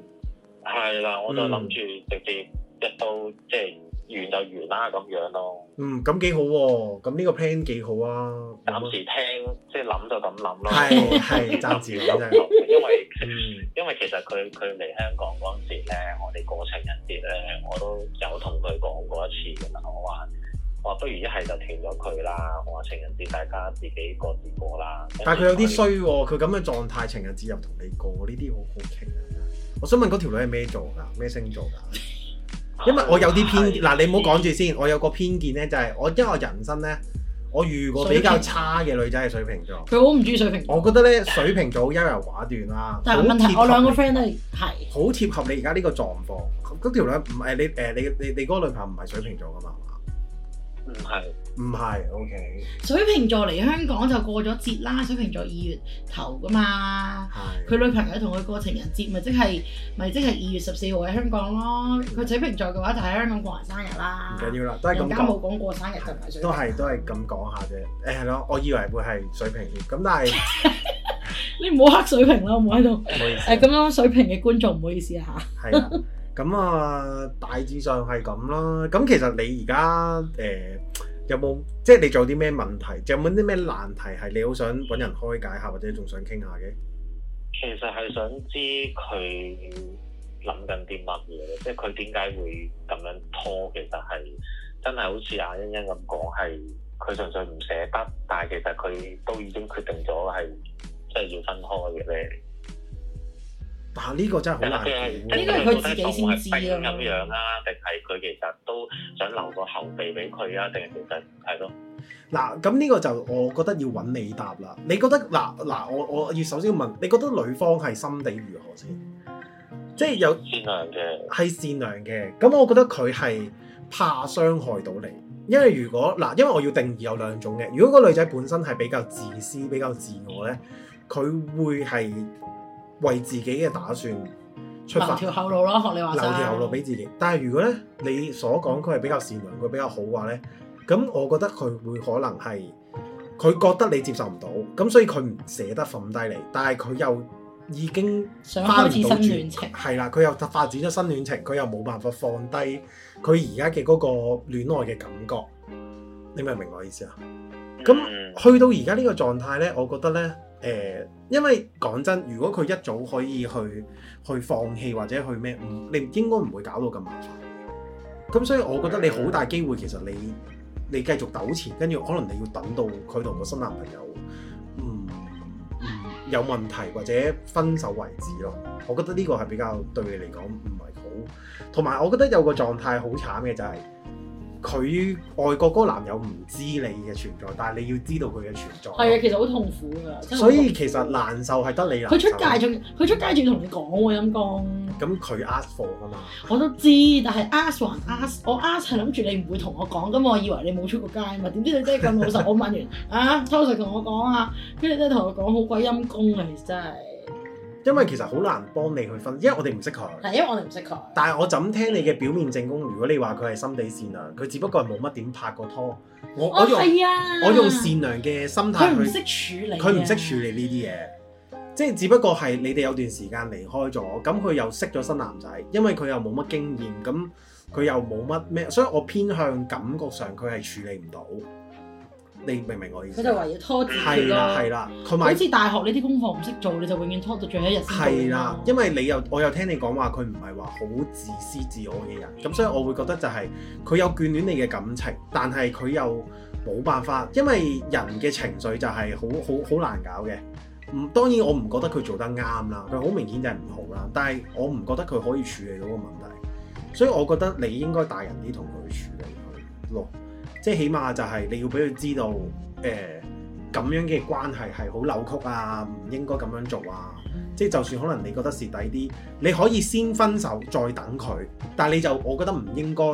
係啦，我就諗住直接一刀、嗯、即係。完就完啦，咁樣咯。嗯，咁幾好，咁呢個 plan 幾好啊。暫、啊、時聽，不即係諗就咁諗咯。係係揸住咯，因為因為其實佢佢嚟香港嗰陣時咧，我哋過情人節咧，我都有同佢講過一次嘅嘛。我話我話不如一係就斷咗佢啦。我話情人節大家自己各自過啦。但係佢有啲衰、啊，佢咁嘅狀態，情人節又同你過，呢啲好好傾、啊、我想問嗰條女係咩座噶？咩星座噶？ 因為我有啲偏見，嗱、啊、你唔好講住先。我有個偏見咧，就係我因為我人生咧，我遇過比較差嘅女仔係水瓶座。佢好唔中意水瓶座，我覺得咧，水瓶座優柔寡斷啦、啊。但係問題，我兩個 friend 都係好貼合你而家呢個狀況。嗰條女唔係你，誒，你你你嗰個女朋友唔係水瓶座噶嘛？唔係，唔係，OK。水瓶座嚟香港就過咗節啦，水瓶座二月頭噶嘛，係佢女朋友同佢過情人節，咪即係，咪即係二月十四號喺香港咯。佢水瓶座嘅話就喺香港過完生日啦，唔緊要啦，都係咁講，冇講過生日就唔係水。都係都係咁講下啫，誒係咯，我以為會係水瓶，咁但係你唔好黑水瓶咯，唔好喺度，唔好意思，誒咁樣水瓶嘅觀眾唔好意思啊吓，係啦。咁啊，大致上係咁啦。咁其實你而家誒有冇，即係你做啲咩問題？有冇啲咩難題係你好想搵人開解下，下，或者仲想傾下嘅？其實係想知佢諗緊啲乜嘢？即係佢點解會咁樣拖？其實係真係好似阿欣欣咁講，係佢純粹唔捨得，但係其實佢都已經決定咗係即係要分開嘅咧。但呢、啊，這個真係好難，呢個係佢自己先知咯。咁樣啊，定係佢其實都想留個後備俾佢啊？定係其實係咯？嗱，咁呢個就我覺得要揾你答啦。你覺得嗱嗱、啊啊，我我要首先要問，你覺得女方係心地如何先？即係有善良嘅，係善良嘅。咁我覺得佢係怕傷害到你，因為如果嗱、啊，因為我要定義有兩種嘅。如果個女仔本身係比較自私、比較自我咧，佢會係。為自己嘅打算出發，留條後路咯，學你話。留條後路俾自己，但係如果咧，你所講佢係比較善良，佢比較好話咧，咁我覺得佢會可能係佢覺得你接受唔到，咁所以佢唔捨得放低你，但係佢又已經想發展新戀情，係啦，佢又發展咗新戀情，佢又冇辦法放低佢而家嘅嗰個戀愛嘅感覺，你明唔明我意思啊？咁去到而家呢個狀態咧，我覺得咧。誒，因為講真，如果佢一早可以去去放棄或者去咩，唔、嗯、你應該唔會搞到咁麻煩。咁所以我覺得你好大機會，其實你你繼續糾纏，跟住可能你要等到佢同個新男朋友唔、嗯嗯、有問題或者分手為止咯。我覺得呢個係比較對你嚟講唔係好。同埋我覺得有個狀態好慘嘅就係、是。佢外國嗰個男友唔知你嘅存在，但係你要知道佢嘅存在。係啊，其實好痛苦㗎。苦所以其實難受係得你，難你啊。佢出街仲佢出街仲要同你講喎陰公。咁佢 ask 貨㗎嘛？我都知，但係 ask 還 ask，我 ask 係諗住你唔會同我講㗎嘛，我以為你冇出過街嘛，點知你真係咁老實，我問完 啊，偷食同我講啊，跟住你真係同我講好鬼陰公啊，其實真係。因為其實好難幫你去分，因為我哋唔識佢。係，因為我哋唔識佢。但係我怎聽你嘅表面證供，如果你話佢係心地善良，佢只不過係冇乜點拍過拖。我、哦、我用、哎、呀我用善良嘅心態去。佢唔識處理。佢唔識處理呢啲嘢，即係只不過係你哋有段時間離開咗，咁佢又識咗新男仔，因為佢又冇乜經驗，咁佢又冇乜咩，所以我偏向感覺上佢係處理唔到。你明唔明我意思？佢就話要拖住，係啦係啦，同埋好似大學呢啲功課唔識做，你就永遠拖到最後一日先做。係啦，因為你又我又聽你講話，佢唔係話好自私自愛嘅人，咁所以我會覺得就係，佢有眷戀你嘅感情，但係佢又冇辦法，因為人嘅情緒就係好好好難搞嘅。唔，當然我唔覺得佢做得啱啦，佢好明顯就係唔好啦。但係我唔覺得佢可以處理到個問題，所以我覺得你應該大人啲同佢處理佢咯。即係起碼就係你要俾佢知道，誒、呃、咁樣嘅關係係好扭曲啊，唔應該咁樣做啊！即係、嗯、就算可能你覺得蝕底啲，你可以先分手再等佢，但係你就我覺得唔應該。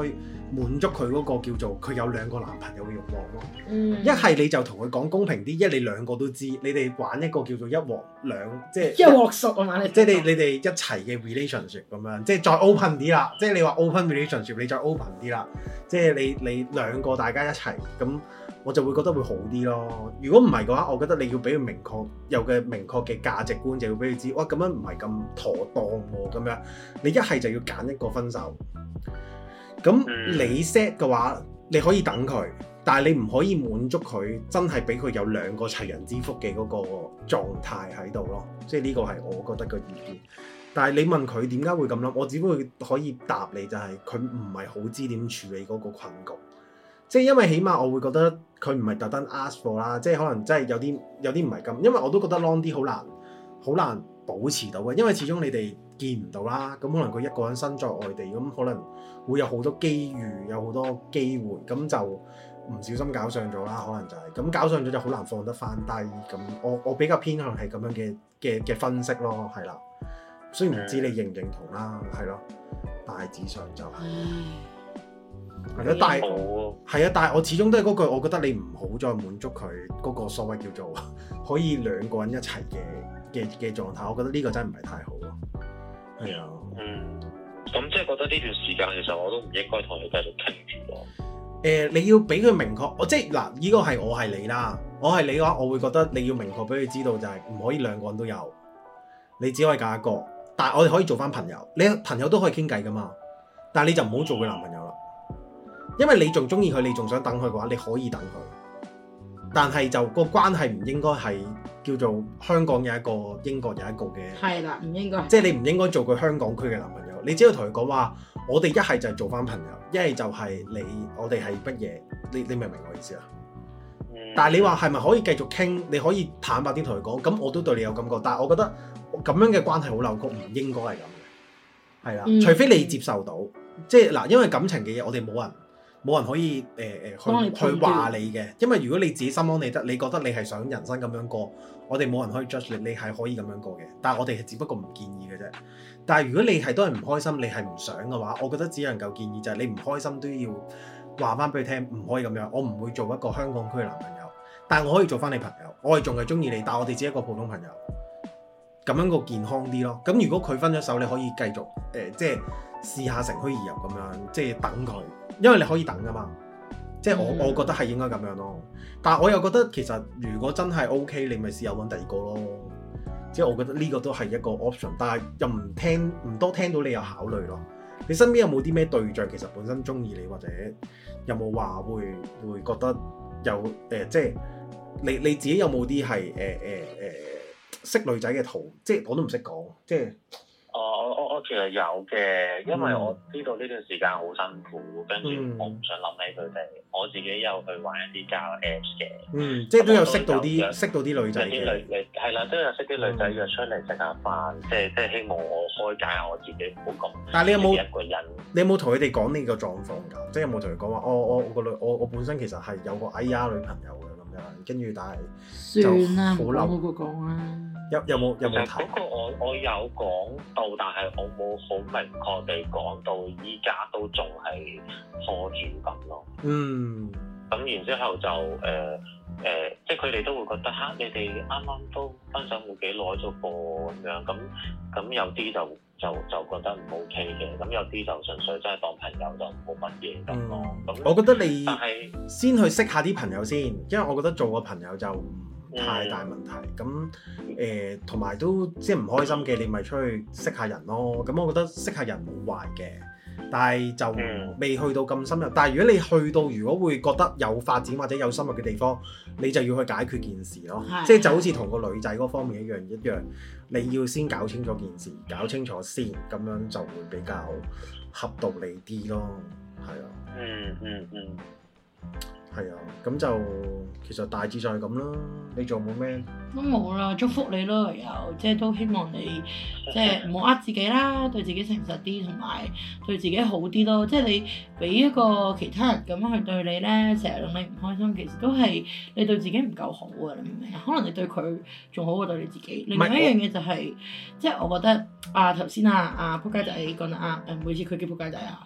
滿足佢嗰個叫做佢有兩個男朋友嘅欲望咯。一係、嗯、你就同佢講公平啲，因為你兩個都知，你哋玩一個叫做一鑊兩即係一鑊熟啊嘛。即係你即你哋一齊嘅 relationship 咁樣，即係再 open 啲啦。即係你話 open relationship，你再 open 啲啦。即係你你兩個大家一齊咁，我就會覺得會好啲咯。如果唔係嘅話，我覺得你要俾佢明確有嘅明確嘅價值觀，就要俾佢知哇咁樣唔係咁妥當喎、啊、咁樣。你一係就要揀一個分手。咁你 set 嘅話，你可以等佢，但係你唔可以滿足佢，真係俾佢有兩個齊人之福嘅嗰個狀態喺度咯。即係呢個係我覺得嘅意見。但係你問佢點解會咁諗，我只不過可以答你就係佢唔係好知點處理嗰個困局。即係因為起碼我會覺得佢唔係特登 ask for 啦，即係可能真係有啲有啲唔係咁。因為我都覺得 long 啲好難好難保持到嘅，因為始終你哋。見唔到啦，咁可能佢一個人身在外地，咁可能會有好多機遇，有好多機會，咁就唔小心搞上咗啦，可能就係，咁搞上咗就好難放得翻低。咁我我比較偏向係咁樣嘅嘅嘅分析咯，係啦。雖然唔知你認唔認同啦，係咯，大致上就係。係咯，嗯，但係係啊，但係我始終都係嗰句，我覺得你唔好再滿足佢嗰個所謂叫做可以兩個人一齊嘅嘅嘅狀態，我覺得呢個真係唔係太好啊。係啊，Yeah. 嗯，咁即係覺得呢段時間其實我都唔應該同佢繼續傾住咯。誒、呃，你要俾佢明確，我即係嗱，呢個係我係你啦，這個、是我係你嘅話，我會覺得你要明確俾佢知道就係、是、唔可以兩個人都有，你只可以揀一個。但係我哋可以做翻朋友，你朋友都可以傾偈噶嘛。但係你就唔好做佢男朋友啦，因為你仲中意佢，你仲想等佢嘅話，你可以等佢。但係就個關係唔應該係叫做香港有一個，英國有一個嘅。係啦，唔應該。即係你唔應該做佢香港區嘅男朋友，你只要同佢講話，我哋一係就係做返朋友，一係就係你我哋係乜嘢？你你明唔明我意思啊？嗯、但係你話係咪可以繼續傾？你可以坦白啲同佢講，咁我都對你有感覺，但係我覺得咁樣嘅關係好扭曲，唔應該係咁嘅。係啦，嗯、除非你接受到，即係嗱，因為感情嘅嘢，我哋冇人。冇人可以誒誒、呃、去去話你嘅，因為如果你自己心安理得，你覺得你係想人生咁樣過，我哋冇人可以 judge 你，你係可以咁樣過嘅。但係我哋係只不過唔建議嘅啫。但係如果你係都係唔開心，你係唔想嘅話，我覺得只能夠建議就係、是、你唔開心都要話翻俾佢聽，唔可以咁樣。我唔會做一個香港區男朋友，但我可以做翻你朋友。我係仲係中意你，但係我哋只係一個普通朋友。咁樣個健康啲咯。咁如果佢分咗手，你可以繼續誒、呃，即係試下乘虛而入咁樣，即係等佢。因為你可以等㗎嘛，即係我、嗯、我覺得係應該咁樣咯、啊。但係我又覺得其實如果真係 OK，你咪試下揾第二個咯。即係我覺得呢個都係一個 option，但係又唔聽唔多聽到你有考慮咯。你身邊有冇啲咩對象其實本身中意你或者有冇話會會覺得有誒、呃？即係你你自己有冇啲係誒誒誒識女仔嘅圖？即係我都唔識講，即係。啊、哦！我我我其實有嘅，因為我知道呢段時間好辛苦，跟住我唔想諗起佢哋。我自己又去玩一啲交友 Apps 嘅，嗯，即係都有識到啲、嗯、識到啲女仔嘅。啲女女係啦，都有識啲女仔約出嚟食下飯，即係即係希望我開解下我自己，唔好咁。但係你有冇？一個人？你有冇同佢哋講呢個狀況㗎？即係有冇同佢講話？哦嗯、我我我個女，我我本身其實係有個 I R 女朋友嘅。跟住但係就冇冇個講啊，有有冇有冇睇？嗰個我我有講到，但係我冇好明確地講到，依家都仲係拖住咁咯。嗯。咁然之後就誒誒、呃呃，即係佢哋都會覺得嚇、啊，你哋啱啱都分手冇幾耐咗噃咁樣。咁咁有啲就。就就覺得唔 OK 嘅，咁有啲就純粹真係當朋友就冇乜嘢咁咯。嗯、咁我覺得你但係，先去識下啲朋友先，因為我覺得做個朋友就唔太大問題。咁誒、嗯，同埋、呃、都即係唔開心嘅，你咪出去識下人咯。咁我覺得識下人冇壞嘅，但係就未去到咁深入。嗯、但係如果你去到，如果會覺得有發展或者有深入嘅地方，你就要去解決件事咯。即係係嘅就，就好似同個女仔嗰方面一樣一樣。你要先搞清楚件事，搞清楚先，咁樣就會比較合道理啲囉，係啊。嗯嗯嗯。 係啊，咁就其實大致上係咁啦。你做冇咩？都冇啦，祝福你咯，又即係都希望你即係唔好呃自己啦，對自己誠實啲，同埋對自己好啲咯。即係你俾一個其他人咁樣去對你咧，成日令你唔開心，其實都係你對自己唔夠好啊！你明唔明？可能你對佢仲好過對你自己。另外一樣嘢就係、是，即係是、啊、我覺得啊，頭先啊啊，仆街仔你講得啱、啊。每次佢叫仆街仔啊，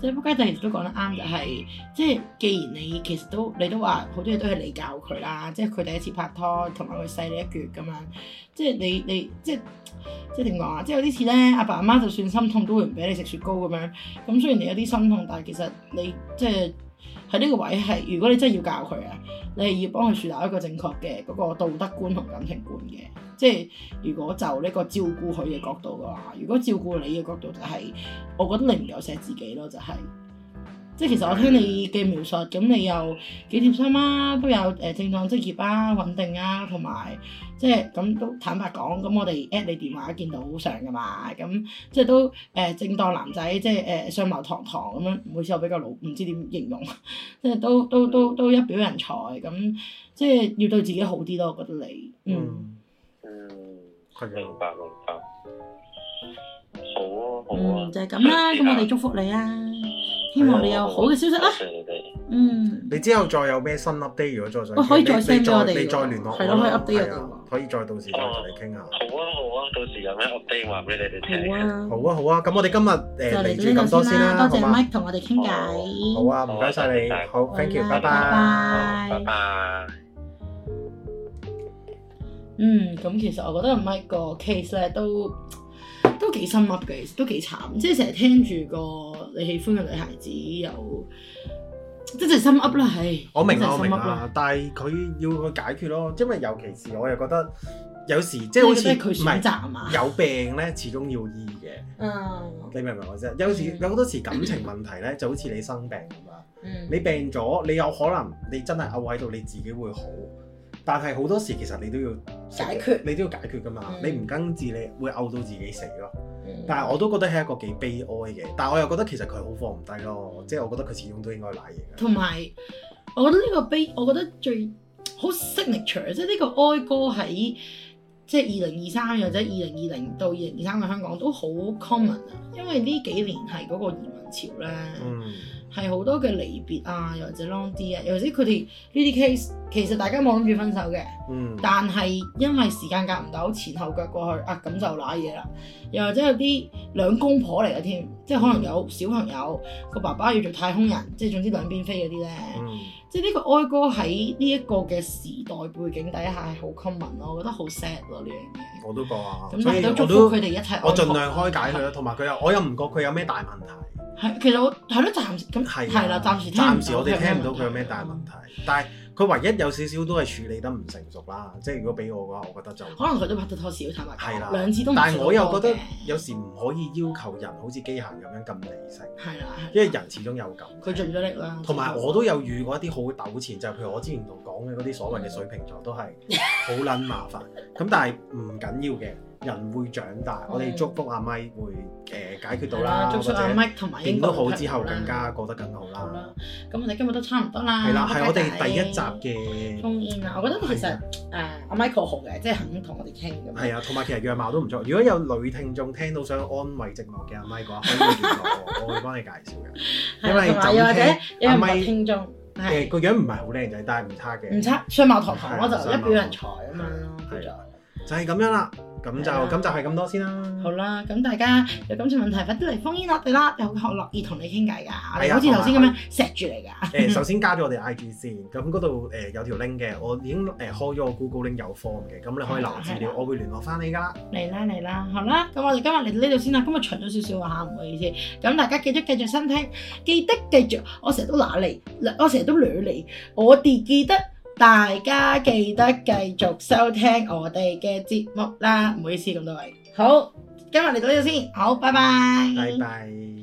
即係仆街仔其實都講得啱，就係、是就是、即係既然你其實。都你都話好多嘢都係你教佢啦，即係佢第一次拍拖，同埋佢細你一撅咁樣，即係你你即係即係點講啊？即係有啲事咧，阿爸阿媽就算心痛都會唔俾你食雪糕咁樣。咁、嗯、雖然你有啲心痛，但係其實你即係喺呢個位係，如果你真係要教佢啊，你係要幫佢樹立一個正確嘅嗰個道德觀同感情觀嘅。即係如果就呢個照顧佢嘅角度嘅話，如果照顧你嘅角度就係、是，我覺得你唔夠錫自己咯，就係、是。即係其實我聽你嘅描述，咁你又幾貼心啦，啊，都有誒、呃、正當職業啊，穩定啊，同埋即係咁都坦白講，咁我哋 at 你電話見到好相㗎嘛，咁即係都誒、呃、正當男仔，即係誒、呃、相貌堂堂咁樣，唔好意思我比較老，唔知點形容，即係都都都都，都一表人才，咁即係要對自己好啲囉，我覺得你，嗯，嗯，明白明白，好啊好啊，就係咁啦，咁我哋祝福你啊！希望你有好嘅消息啦。嗯，你之後再有咩新 update，如果再想，我可以再 send 我哋。你再聯絡我，可以再到時同我哋傾下。好啊好啊，到時有咩 update 話俾你哋聽嘅。好啊好啊，咁我哋今日誒嚟住咁多先啦，多謝 Mike 同我哋傾偈。好啊，唔該曬你，好 thank you，拜拜。拜拜。嗯，咁其實我覺得 Mike 個 case 咧都都幾心鬱嘅，都幾慘，即係成日聽住個。你喜歡嘅女孩子有，即係心噏啦，係。我明白啊，我明啊，但係佢要去解決咯，因為尤其是我又覺得有時即係好似佢唔嘛。嗯、有病咧始終要醫嘅。嗯。你明唔明我啫？有時、嗯、有好多時感情問題咧，就好似你生病咁樣。嗯、你病咗，你有可能你真係嘔喺度，你自己會好，但係好多時其實你都要解決，你都要解決噶嘛。嗯、你唔根治，你會嘔到自己死咯。但係我都覺得係一個幾悲哀嘅，但係我又覺得其實佢好放唔低咯，即係我覺得佢始終都應該賴嘢。同埋我覺得呢個悲，我覺得最好 signature，即係呢個哀歌喺、就是、即係二零二三，或者二零二零到二零二三嘅香港都好 common 啊，因為呢幾年係嗰個移民潮咧。嗯係好多嘅離別啊，又或者 long 啲啊，又或者佢哋呢啲 case，其實大家冇諗住分手嘅，嗯、但係因為時間夾唔到，前後腳過去啊，咁就瀨嘢啦。又或者有啲兩公婆嚟嘅添，即係可能有小朋友，個爸爸要做太空人，即係總之兩邊飛嗰啲咧。嗯、即係呢個哀歌喺呢一個嘅時代背景底下係好 common 咯，我覺得好 sad 咯呢樣嘢。我都覺啊，咁我都，祝佢哋一齊，我盡量開解佢啦，同埋佢又，我又唔覺佢有咩大問題。係，其實我係咯，暫時咁，係啦，暫時暫時我哋聽唔到佢有咩大問題，但係佢唯一有少少都係處理得唔成熟啦。即係如果俾我嘅話，我覺得就可能佢都拍得拖少，坦白講，兩次都。但係我又覺得有時唔可以要求人好似機械咁樣咁理性，係啦，因為人始終有咁。佢盡咗力啦。同埋我都有遇過一啲好糾纏，就係譬如我之前同講嘅嗰啲所謂嘅水瓶座都係好撚麻煩。咁但係唔緊要嘅。人會長大，我哋祝福阿 Mike 會解決到啦，祝福阿 Mike 同埋英哥好之後更加過得更好啦。咁我哋今日都差唔多啦。係啦，係我哋第一集嘅。控煙啊，我覺得其實誒阿 Michael 好嘅，即係肯同我哋傾咁樣。係啊，同埋其實樣貌都唔錯。如果有女聽眾聽到想安慰寂寞嘅阿 Mike 嘅話，可以聯絡我，我會幫你介紹嘅。因為又或者有阿 Mike 聽眾個樣唔係好靚仔，但係唔差嘅。唔差，相貌堂堂我就一表人才啊嘛。係啊。就係咁樣啦，咁就咁、啊、就係咁多先啦。好啦，咁大家有感情問題快啲嚟烽煙落哋啦，我好樂意同你傾偈噶，好似頭先咁樣錫住你噶。誒、啊， 首先加咗我哋 IG 先，咁嗰度誒有條 link 嘅，我已經誒開咗我 Google link 有 form 嘅，咁你可以留資料，啊啊、我會聯絡翻你噶。嚟啦嚟啦，好啦，咁我哋今日嚟到呢度先啦，今日長咗少少喎嚇，唔好意思。咁大家記得繼續收聽，記得繼續，我成日都揦嚟，我成日都掠你，我哋記得。記得大家記得繼續收聽我哋嘅節目啦，唔好意思咁多位。好，今日嚟到呢度先，好，拜拜。拜拜。